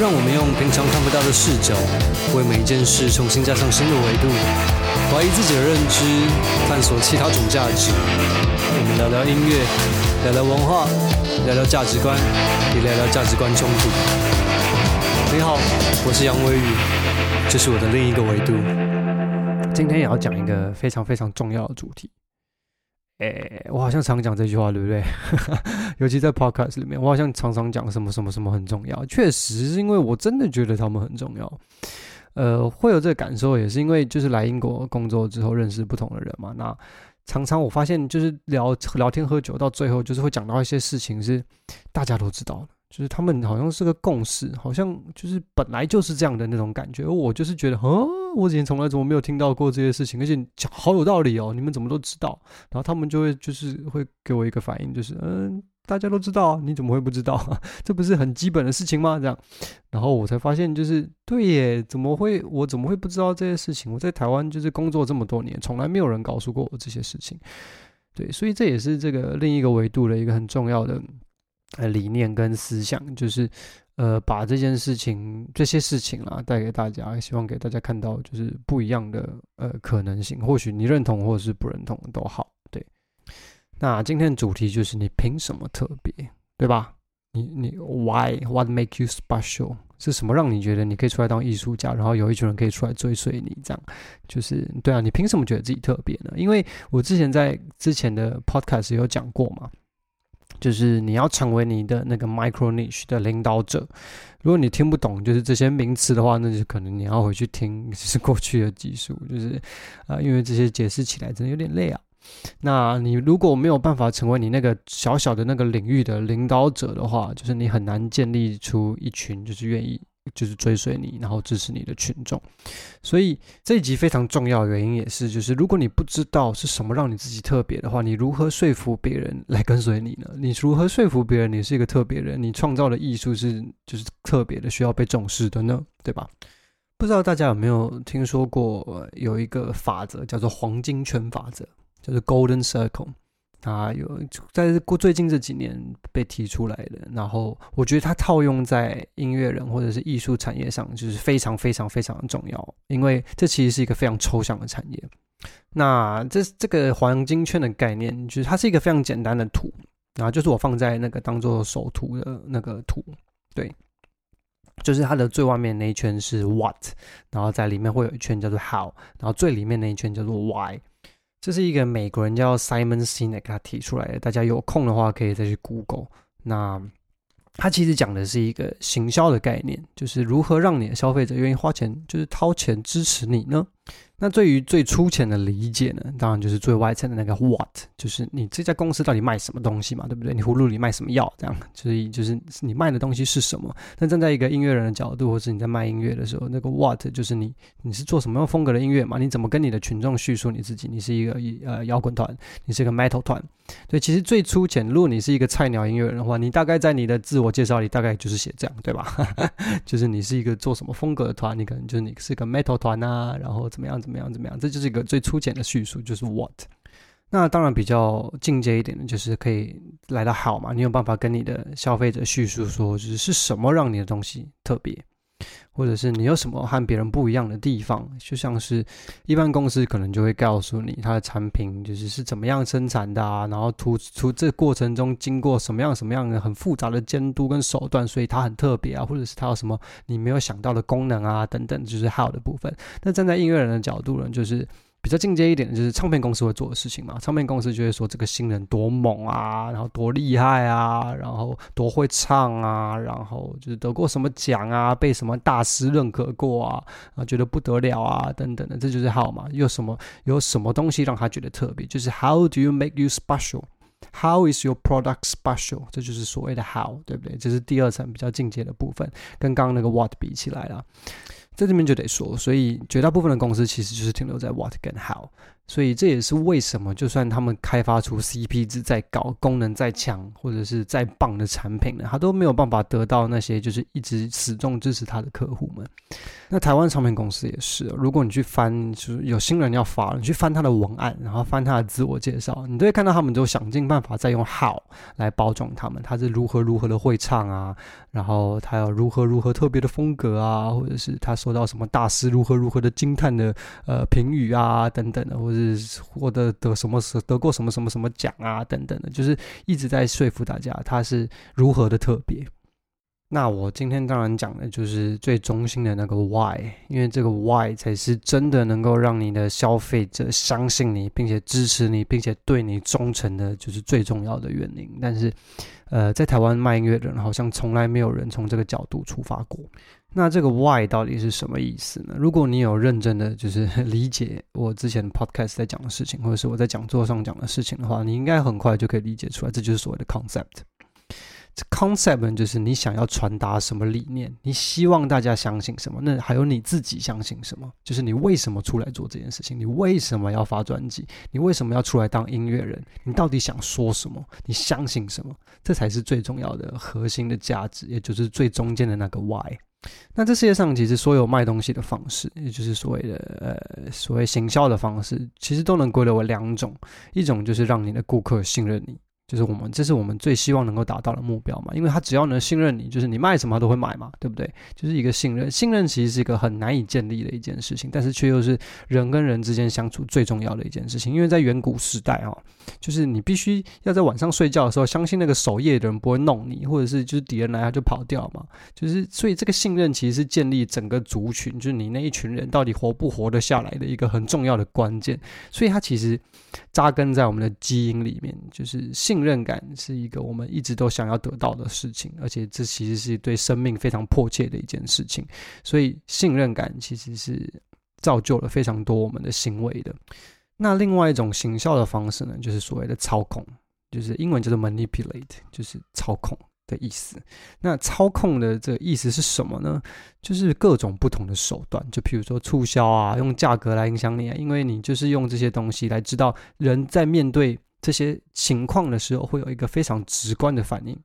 讓我們用平常看不到的視角，為每一件事重新加上新的維度，懷疑自己的認知，探索其他種價值。我們聊聊音樂，聊聊文化，聊聊價值觀，也聊聊價值觀衝突。你好，我是楊威宇，這、就是我的另一個維度。今天也要講一個非常非常重要的主題。哎、欸，我好像常講這句話，對不對？ 尤其在 podcast 裡面，我好像常常講什麼什麼什麼很重要。確實是因為我真的覺得他們很重要。呃，會有這個感受也是因為就是來英國工作之後認識不同的人嘛。那常常我發現就是聊聊天喝酒到最後就是會講到一些事情是大家都知道就是他們好像是個共識，好像就是本來就是這樣的那種感覺。我就是覺得，嗯、啊，我以前從來怎麼沒有聽到過這些事情，而且好有道理哦，你們怎麼都知道？然後他們就會就是會給我一個反應，就是嗯，大家都知道，你怎麼會不知道？ 這不是很基本的事情嗎？這樣，然後我才發現，就是對耶，怎麼會？我怎麼會不知道這些事情？我在台灣就是工作這麼多年，從來沒有人告訴過我這些事情。對，所以這也是這個另一個維度的一個很重要的。呃，理念跟思想就是，呃，把這件事情，這些事情啦帶給大家，希望給大家看到就是不一樣的呃可能性。或許你認同或是不認同都好，對。那今天的主題就是你憑什麼特別，對吧？你你 Why, what make you special？是什麼讓你覺得你可以出來當藝術家，然後有一群人可以出來追隨你？這樣就是對啊，你憑什麼覺得自己特別呢？因為我之前在之前的 Podcast 有講過嘛。就是你要成為你的那個 micro niche 的領導者。如果你聽不懂，就是這些名詞的話，那就可能你要回去聽，就是過去的技術。就是啊、呃，因為這些解釋起來真的有點累啊。那你如果沒有辦法成為你那個小小的那個領域的領導者的話，就是你很難建立出一群就是願意。就是追隨你，然後支持你的群眾，所以這一集非常重要的原因也是，就是如果你不知道是什麼讓你自己特別的話，你如何說服別人來跟隨你呢？你如何說服別人你是一個特別人？你創造的藝術是就是特別的，需要被重視的呢？對吧？不知道大家有沒有聽說過，呃，有一個法則叫做黃金圈法則，叫做 Golden Circle。啊，有，在過最近這幾年被提出來的。然後，我覺得它套用在音樂人或者是藝術產業上，就是非常非常非常的重要，因為這其實是一個非常抽象的產業。那這這個黃金圈的概念，就是它是一個非常簡單的圖，然後就是我放在那個當做首圖的那個圖，對，就是它的最外面那一圈是 What，然後在裡面會有一圈叫做 How，然後最裡面那一圈叫做 Why。這是一個美國人叫 Simon Sinek，他提出來的。大家有空的話可以再去 Google。那他其實講的是一個行銷的概念，就是如何讓你的消費者願意花錢，就是掏錢支持你呢？那對於最粗淺的理解呢，當然就是最外層的那個 what，就是你這家公司到底賣什麼東西嘛，對不對？你葫蘆裡賣什麼藥？這樣，所以就是你賣的東西是什麼？但站在一個音樂人的角度，或是你在賣音樂的時候，那個 what 就是你，你是做什麼樣風格的音樂嘛？你怎麼跟你的群眾敘述你自己？你是一個呃搖滾團，你是一個 metal 團。對，其實最粗淺，如果你是一個菜鳥音樂人的話，你大概在你的自我介紹裡大概就是寫這樣，對吧？ 就是你是一個做什麼風格的團，你可能就是你是個 metal 團啊，然後怎麼樣怎麼樣怎麼樣，這就是一個最粗淺的敘述，就是 what。那當然比較進階一點的，就是可以來得好嘛，你有辦法跟你的消費者敘述說，就是是什麼讓你的東西特別。或者是你有什麼和別人不一樣的地方，就像是一般公司可能就會告訴你，它的產品就是是怎麼樣生產的啊，然後圖圖這過程中經過什麼樣什麼樣的很複雜的監督跟手段，所以它很特別啊，或者是它有什麼你沒有想到的功能啊等等，就是好的部分。那站在音樂人的角度呢，就是。比較進階一點的就是唱片公司會做的事情嘛，唱片公司就會說這個新人多猛啊，然後多厲害啊，然後多會唱啊，然後就是得過什麼獎啊，被什麼大師認可過啊，啊，覺得不得了啊，等等的，這就是 how 嘛，有什麼有什麼東西讓他覺得特別，就是 How do you make you special? How is your product special? 這就是所謂的 how，對不對？這是第二層比較進階的部分，跟剛剛那個 What 比起來啦。這這邊就得說，所以絕大部分的公司其實就是停留在 what 跟 how。所以這也是為什麼，就算他們開發出 CP 值再高，功能再強或者是再棒的產品呢，他都沒有辦法得到那些就是一直始終支持他的客戶們。那台灣唱片公司也是，如果你去翻，就是有新人要發，你去翻他的文案，然後翻他的自我介紹，你都會看到他們都想盡辦法在用 How 來包裝他們，他是如何如何的會唱啊，然後他有如何如何特別的風格啊，或者是他收到什麼大師如何如何的驚嘆的呃評語啊等等的，或者。是獲得得什麼得過什麼什麼什麼獎啊等等的，就是一直在說服大家他是如何的特別。那我今天當然講的就是最中心的那個 why，因為這個 why 才是真的能夠讓你的消費者相信你，並且支持你，並且對你忠誠的，就是最重要的原因。但是，呃，在台灣賣音樂的人好像從來沒有人從這個角度出發過。那這個 why 到底是什麼意思呢？如果你有認真的就是理解我之前 podcast 在講的事情，或者是我在講座上講的事情的話，你應該很快就可以理解出來。這就是所謂的 concept。這 concept 就是你想要傳達什麼理念，你希望大家相信什麼，那還有你自己相信什麼，就是你為什麼出來做這件事情，你為什麼要發專輯，你為什麼要出來當音樂人，你到底想說什麼，你相信什麼，這才是最重要的核心的價值，也就是最中間的那個 why。那這世界上其實所有賣東西的方式，也就是所謂的呃所謂行銷的方式，其實都能歸類為兩種，一種就是讓你的顧客信任你。就是我們，這是我們最希望能夠達到的目標嘛，因為他只要能信任你,就是你賣什麼他都會買嘛，對不對？就是一個信任，信任其實是一個很難以建立的一件事情，但是卻又是人跟人之間相處最重要的一件事情。因為在遠古時代啊，就是你必須要在晚上睡覺的時候，相信那個守夜的人不會弄你，或者是就是敵人來他就跑掉嘛，就是所以這個信任其實是建立整個族群，就是你那一群人到底活不活得下來的一個很重要的關鍵。所以他其實扎根在我們的基因裡面，就是信。信任感是一個我們一直都想要得到的事情，而且這其實是對生命非常迫切的一件事情。所以，信任感其實是造就了非常多我們的行為的。那另外一種行銷的方式呢，就是所謂的操控，就是英文就是 “manipulate”，就是操控的意思。那操控的這個意思是什麼呢？就是各種不同的手段，就譬如說促銷啊，用價格來影響你啊，因為你就是用這些東西來知道人在面對。這些情況的時候，會有一個非常直觀的反應，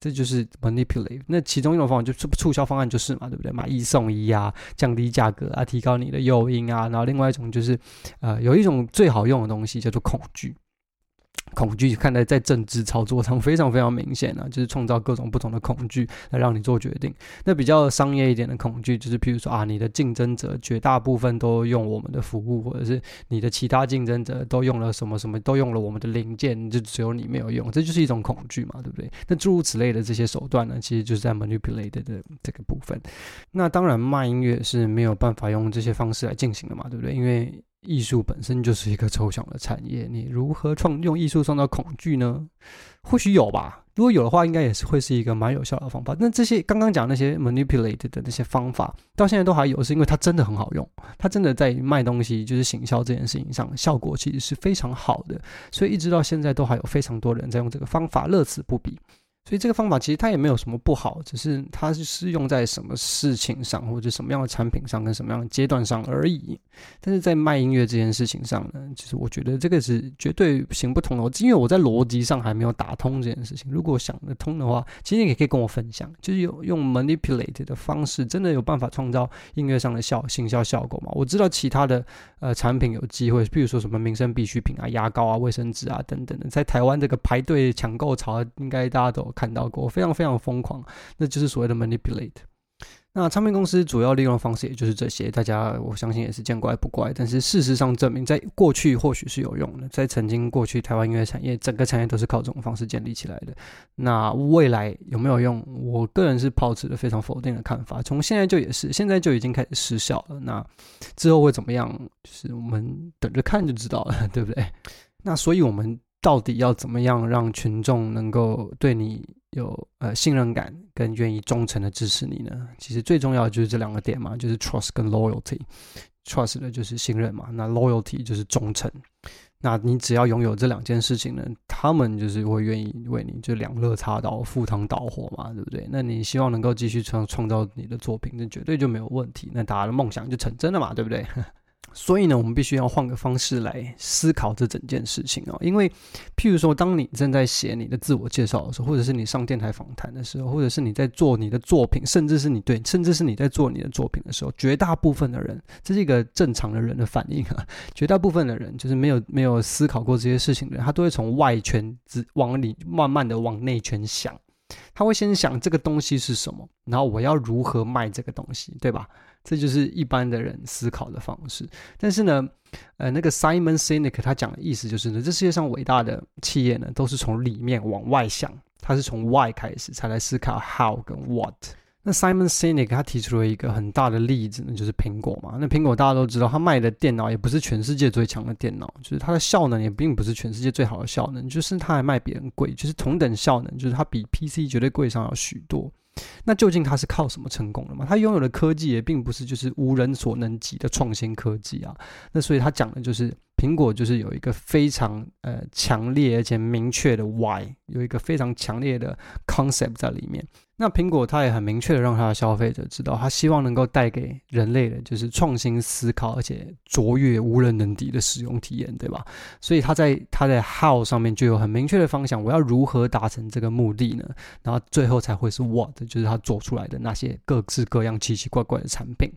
這就是 manipulate。那其中一種方法就是促銷方案，就是嘛，對不對？買一送一啊，降低價格啊，提高你的誘因啊。然後另外一種就是，呃，有一種最好用的東西叫做恐懼。恐懼，看來在政治操作上非常非常明顯了，啊，就是創造各種不同的恐懼來讓你做決定。那比較商業一點的恐懼，就是譬如說啊，你的競爭者絕大部分都用我們的服務，或者是你的其他競爭者都用了什麼什麼，都用了我們的零件，就只有你沒有用，這就是一種恐懼嘛，對不對？那諸如此類的這些手段呢，其實就是在 manipulated 的這個部分。那當然，賣音樂是沒有辦法用這些方式來進行的嘛，對不對？因為藝術本身就是一個抽象的產業，你如何創用藝術創造恐懼呢？或許有吧。如果有的話，應該也是會是一個蠻有效的方法。那這些剛剛講那些 manipulate 的那些方法，到現在都還有，是因為它真的很好用，它真的在賣東西就是行銷這件事情上，效果其實是非常好的，所以一直到現在都還有非常多人在用這個方法，樂此不疲。所以這個方法其實它也沒有什麼不好，只是它是適用在什麼事情上，或者什麼樣的產品上，跟什麼樣的階段上而已。但是在賣音樂這件事情上呢，其實我覺得這個是絕對行不通的。我因為我在邏輯上還沒有打通這件事情。如果想得通的話，其實你也可以跟我分享，就是有用用 manipulate 的方式，真的有辦法創造音樂上的效行銷效果嗎？我知道其他的呃產品有機會，比如說什麼民生必需品啊、牙膏啊、衛生紙啊等等的，在台灣這個排隊搶購潮、啊，應該大家都。看到過非常非常瘋狂，那就是所謂的 manipulate。那唱片公司主要利用的方式也就是這些，大家我相信也是見怪不怪。但是事實上證明，在過去或許是有用的，在曾經過去台灣音樂產業整個產業都是靠這種方式建立起來的。那未來有沒有用？我個人是抱持著非常否定的看法，從現在就也是，現在就已經開始失效了。那之後會怎麼樣？就是我們等着看就知道了，對不對？那所以，我們。到底要怎麼樣讓群眾能夠對你有呃信任感，跟願意忠誠的支持你呢？其實最重要的就是這兩個點嘛，就是 trust 跟 loyalty。trust 的就是信任嘛，那 loyalty 就是忠誠。那你只要擁有這兩件事情呢，他們就是會願意為你就兩肋插刀、赴湯蹈火嘛，對不對？那你希望能夠繼續創創造你的作品，那絕對就沒有問題。那大家的夢想就成真了嘛，對不對？所以呢，我們必須要換個方式來思考這整件事情哦。因為，譬如說，當你正在寫你的自我介紹的時候，或者是你上電台訪談的時候，或者是你在做你的作品，甚至是你對，甚至是你在做你的作品的時候，絕大部分的人，這是一個正常的人的反應啊。絕大部分的人，就是沒有沒有思考過這些事情的人，他都會從外圈直往裡，慢慢的往內圈想。他會先想這個東西是什麼，然後我要如何賣這個東西，對吧？這就是一般的人思考的方式，但是呢，呃，那個 Simon Sinek 他講的意思就是呢，這世界上偉大的企業呢，都是從裡面往外想，他是從 why 開始才來思考 how 跟 what。那 Simon Sinek 他提出了一個很大的例子呢，那就是蘋果嘛。那蘋果大家都知道，他賣的電腦也不是全世界最強的電腦，就是它的效能也並不是全世界最好的效能，就是他還賣別人貴，就是同等效能，就是它比 PC 絕對貴上要許多。那究竟他是靠什麼成功的嗎？他擁有的科技也並不是就是無人所能及的創新科技啊。那所以他講的就是。蘋果就是有一個非常呃強烈而且明確的 Why，有一個非常強烈的 concept 在裡面。那蘋果它也很明確的讓它的消費者知道，它希望能夠帶給人類的就是創新思考，而且卓越無人能敵的使用體驗，對吧？所以它在它的 How 上面就有很明確的方向，我要如何達成這個目的呢？然後最後才會是 What，就是它做出來的那些各式各樣奇奇怪怪的產品。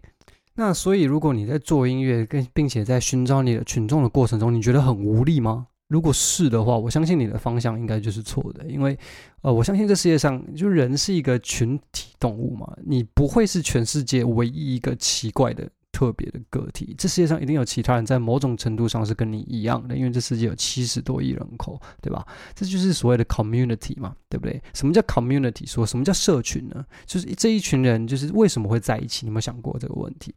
那所以，如果你在做音樂跟，並且在尋找你的群眾的過程中，你覺得很無力嗎？如果是的話，我相信你的方向應該就是錯的，因為，呃，我相信這世界上就人是一個群體動物嘛，你不會是全世界唯一一個奇怪的。特別的個體，這世界上一定有其他人，在某種程度上是跟你一樣的，因為這世界有七十多億人口，對吧？這就是所謂的 community 嘛，對不對？什麼叫 community？說什麼叫社群呢？就是這一群人，就是為什麼會在一起？你有沒有想過這個問題？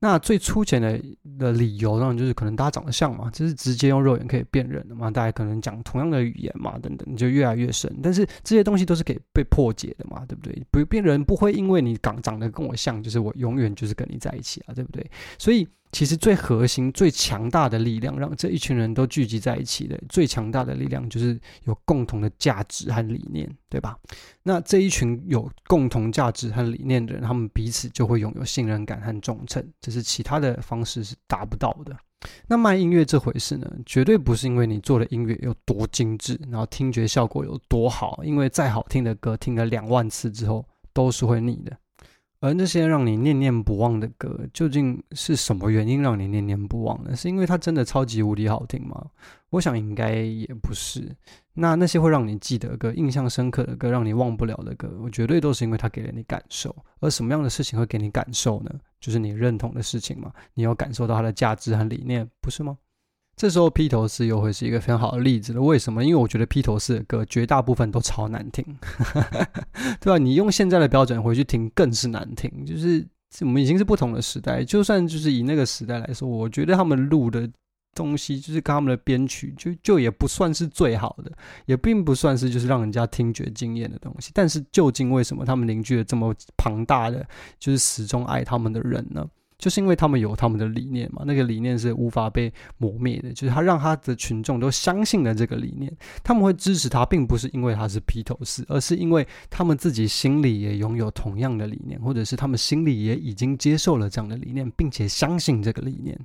那最粗淺的的理由呢，就是可能大家長得像嘛，就是直接用肉眼可以辨認的嘛，大家可能講同樣的語言嘛，等等，你就越來越深。但是這些東西都是可以被破解的嘛，對不對？不辨認不會因為你長得跟我像，就是我永遠就是跟你在一起啊，對不對？所以。其實最核心、最強大的力量，讓這一群人都聚集在一起的最強大的力量，就是有共同的價值和理念，對吧？那這一群有共同價值和理念的人，他們彼此就會擁有信任感和忠誠，這是其他的方式是達不到的。那賣音樂這回事呢，絕對不是因為你做的音樂有多精緻，然後聽覺效果有多好，因為再好聽的歌，聽了兩萬次之後都是會膩的。而那些讓你念念不忘的歌，究竟是什麼原因讓你念念不忘呢？是因為它真的超級無敵好聽嗎？我想應該也不是。那那些會讓你記得的歌、印象深刻的歌、讓你忘不了的歌，我絕對都是因為它給了你感受。而什麼樣的事情會給你感受呢？就是你認同的事情嘛。你有感受到它的價值和理念，不是嗎？這時候披頭士又會是一個非常好的例子了。為什麼？因為我覺得披頭士的歌絕大部分都超難聽， 對吧、啊？你用現在的標準回去聽，更是難聽。就是我們已經是不同的時代，就算就是以那個時代來說，我覺得他們錄的東西，就是跟他們的編曲就，就就也不算是最好的，也並不算是就是讓人家聽覺驚豔的東西。但是究竟為什麼他們凝聚了這麼龐大的，就是始終愛他們的人呢？就是因為他們有他們的理念嘛，那個理念是無法被磨滅的。就是他讓他的群眾都相信了這個理念，他們會支持他，並不是因為他是披頭士，而是因為他們自己心裡也擁有同樣的理念，或者是他們心裡也已經接受了這樣的理念，並且相信這個理念。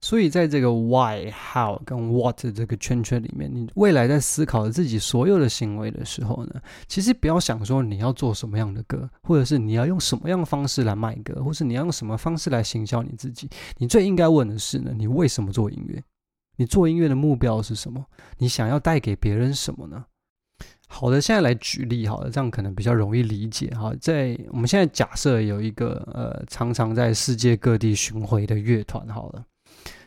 所以，在這個 why、how、跟 what 的這個圈圈裡面，你未來在思考自己所有的行為的時候呢，其實不要想說你要做什麼樣的歌，或者是你要用什麼樣的方式來賣歌，或是你要用什麼方式來行銷你自己。你最應該問的是呢，你為什麼做音樂？你做音樂的目標是什麼？你想要帶給別人什麼呢？好的，現在來舉例好了，這樣可能比較容易理解哈。在我們現在假設有一個呃常常在世界各地巡迴的樂團好了。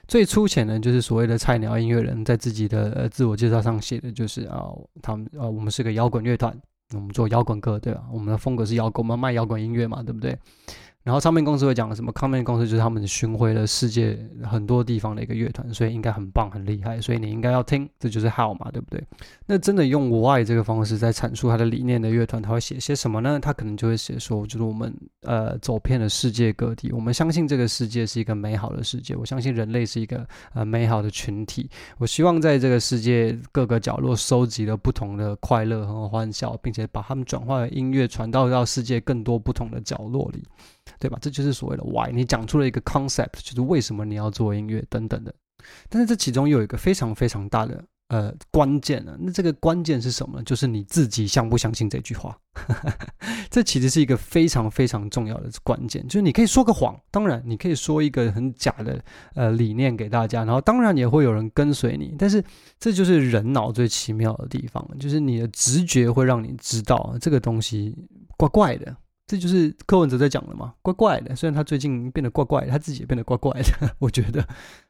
最粗淺的就是所謂的菜鳥音樂人，在自己的呃自我介紹上寫的就是啊，他們啊，我們是個搖滾樂團，我們做搖滾歌，對吧？我們的風格是搖滾，我們賣搖滾音樂嘛，對不對？然後唱片公司會講什麼？唱片公司就是他們巡回了世界很多地方的一個樂團，所以應該很棒，很厲害，所以你應該要聽。這就是 how 嘛，對不對？那真的用 why 這個方式在闡述他的理念的樂團，他會寫些什麼呢？他可能就會寫說：就是我們呃走遍了世界各地，我們相信這個世界是一個美好的世界，我相信人類是一個呃美好的群體，我希望在這個世界各個角落收集了不同的快樂和歡笑，並且把它們轉化為音樂，傳到到世界更多不同的角落裡。對吧？這就是所謂的 why。你講出了一個 concept，就是為什麼你要做音樂等等的。但是這其中又有一個非常非常大的呃關鍵呢，啊。那這個關鍵是什麼？就是你自己相不相信這句話。哈哈哈，這其實是一個非常非常重要的關鍵。就是你可以說個謊，當然你可以說一個很假的呃理念給大家，然後當然也會有人跟隨你。但是這就是人腦最奇妙的地方，就是你的直覺會讓你知道，啊，這個東西怪怪的。這就是柯文哲在講了嘛，怪怪的。雖然他最近變得怪怪的，他自己也變得怪怪的，我覺得。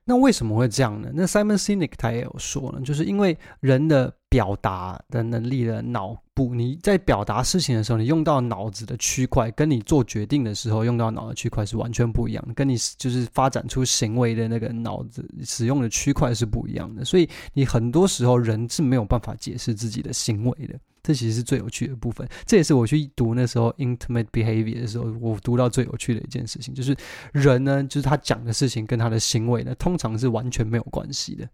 那為什麼會這樣呢？那 Simon Sinek 他也有說呢，就是因為人的表達的能力的腦部，你在表達事情的時候，你用到腦子的區塊，跟你做決定的時候用到腦的區塊是完全不一樣的，跟你就是發展出行為的那個腦子使用的區塊是不一樣的。所以你很多時候人是沒有辦法解釋自己的行為的。這其實是最有趣的部分。這也是我去讀那時候《Intimate Behavior》的時候，我讀到最有趣的一件事情，就是人呢，就是他講的事情跟他的行為呢，通。通常是完全沒有關係的，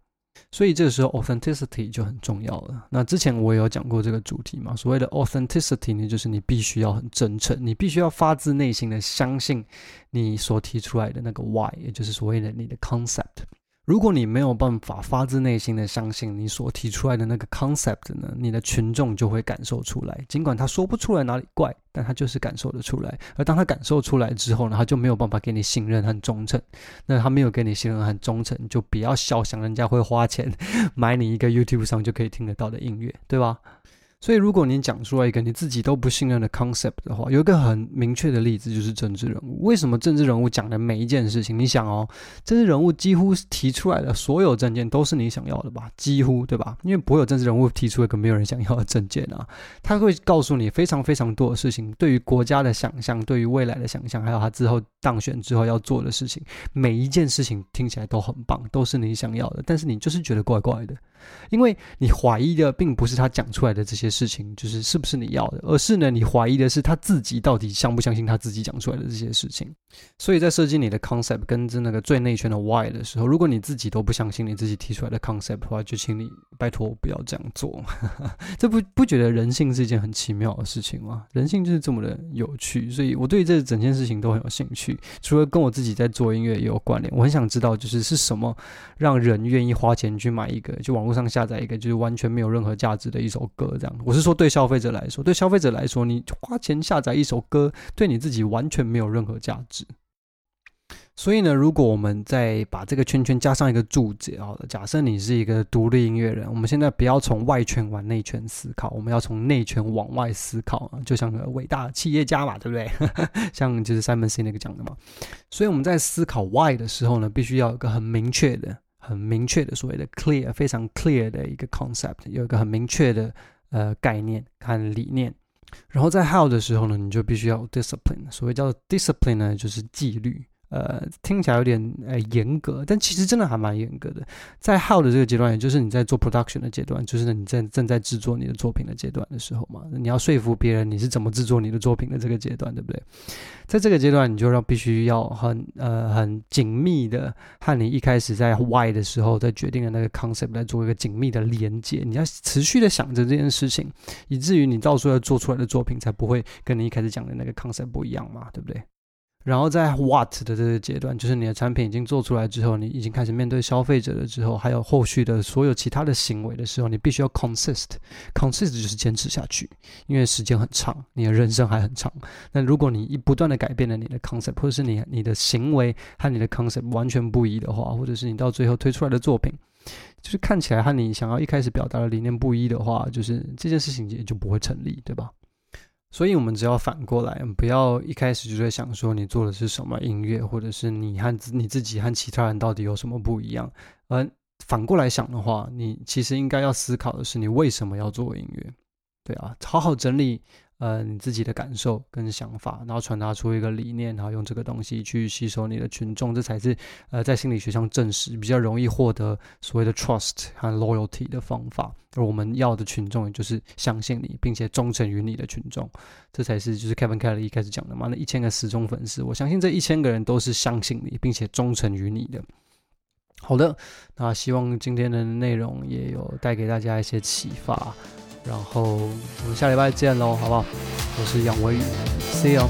所以這個時候 authenticity 就很重要了。那之前我也有講過這個主題嘛，所謂的 authenticity 呢，就是你必須要很真誠，你必須要發自內心的相信你所提出來的那個 why，也就是所謂的你的 concept。如果你沒有辦法發自內心的相信你所提出來的那個 concept 呢，你的群眾就會感受出來。儘管他說不出來哪裡怪，但他就是感受得出來。而當他感受出來之後呢，他就沒有辦法給你信任和忠誠。那他沒有給你信任和忠誠，你就不要肖想人家會花錢買你一個 YouTube 上就可以聽得到的音樂，對吧？所以，如果你講出來一個你自己都不信任的 concept 的話，有一個很明確的例子，就是政治人物。為什麼政治人物講的每一件事情，你想哦，政治人物幾乎提出來的所有政見都是你想要的吧？幾乎對吧？因為不會有政治人物提出一個沒有人想要的政見啊。他會告訴你非常非常多的事情，對於國家的想象，對於未來的想象，還有他之後當選之後要做的事情，每一件事情聽起來都很棒，都是你想要的。但是你就是覺得怪怪的。因為你懷疑的並不是他講出來的這些事情，就是是不是你要的，而是呢，你懷疑的是他自己到底相不相信他自己講出來的這些事情。所以在設計你的 concept 跟那個最內圈的 why 的時候，如果你自己都不相信你自己提出來的 concept 的話，就請你拜托不要這樣做。 這不不覺得人性是一件很奇妙的事情嗎？人性就是這麼的有趣，所以我對這整件事情都很有興趣，除了跟我自己在做音樂也有關聯。我很想知道，就是是什麼讓人願意花錢去買一個就往，上下載一個就是完全沒有任何價值的一首歌，這樣我是說對消費者來說，對消費者來說，你花錢下載一首歌，對你自己完全沒有任何價值。所以呢，如果我們再把這個圈圈加上一個註解，好的，假設你是一個獨立音樂人，我們現在不要從外圈往內圈思考，我們要從內圈往外思考，啊，就像個偉大企業家嘛，對不對？ 像就是 Simon Sinek 那個講的嘛。所以我們在思考 Why 的時候呢，必須要有一個很明確的。很明確的所謂的 clear，非常 clear 的一個 concept，有一個很明確的呃概念和理念。然後在 how 的時候呢，你就必須要 discipline。所謂叫做 discipline 呢，就是紀律。呃，聽起來有點呃嚴格，但其實真的還蠻嚴格的。在 how 的這個階段，也就是你在做 production 的階段，就是你在正，正在製作你的作品的階段的時候嘛，你要說服別人你是怎麼製作你的作品的這個階段，對不對？在這個階段，你就要必須要很呃很緊密的和你一開始在 why 的時候在決定的那個 concept 來做一個緊密的連接。你要持續的想着這件事情，以至於你到時候要做出來的作品才不會跟你一開始講的那個 concept 不一樣嘛，對不對？然後在 What 的這個階段，就是你的產品已經做出來之後，你已經開始面對消費者了之後，還有後續的所有其他的行為的時候，你必須要 Consist，Consist 就是堅持下去，因為時間很長，你的人生還很長。那如果你不斷的改變了你的 Concept，或者是你你的行為和你的 Concept 完全不一的話，或者是你到最後推出來的作品，就是看起來和你想要一開始表達的理念不一的話，就是這件事情也就不會成立，對吧？所以，我們只要反過來，不要一開始就在想說你做的是什麼音樂，或者是你和你自己和其他人到底有什麼不一樣。而、呃、反過來想的話，你其實應該要思考的是，你為什麼要做音樂？對啊，好好整理。呃，你自己的感受跟想法，然後傳達出一個理念，然後用這個東西去吸收你的群眾，這才是呃在心理學上證實比較容易獲得所謂的 trust 和 loyalty 的方法。而我們要的群眾，也就是相信你並且忠誠於你的群眾，這才是就是 Kevin Kelly 一開始講的嘛，那一千個死忠粉絲。我相信這一千個人都是相信你並且忠誠於你的。好的，那希望今天的內容也有帶給大家一些啟發。然後我們下禮拜見嘍，好不好？我是楊維宇，see you。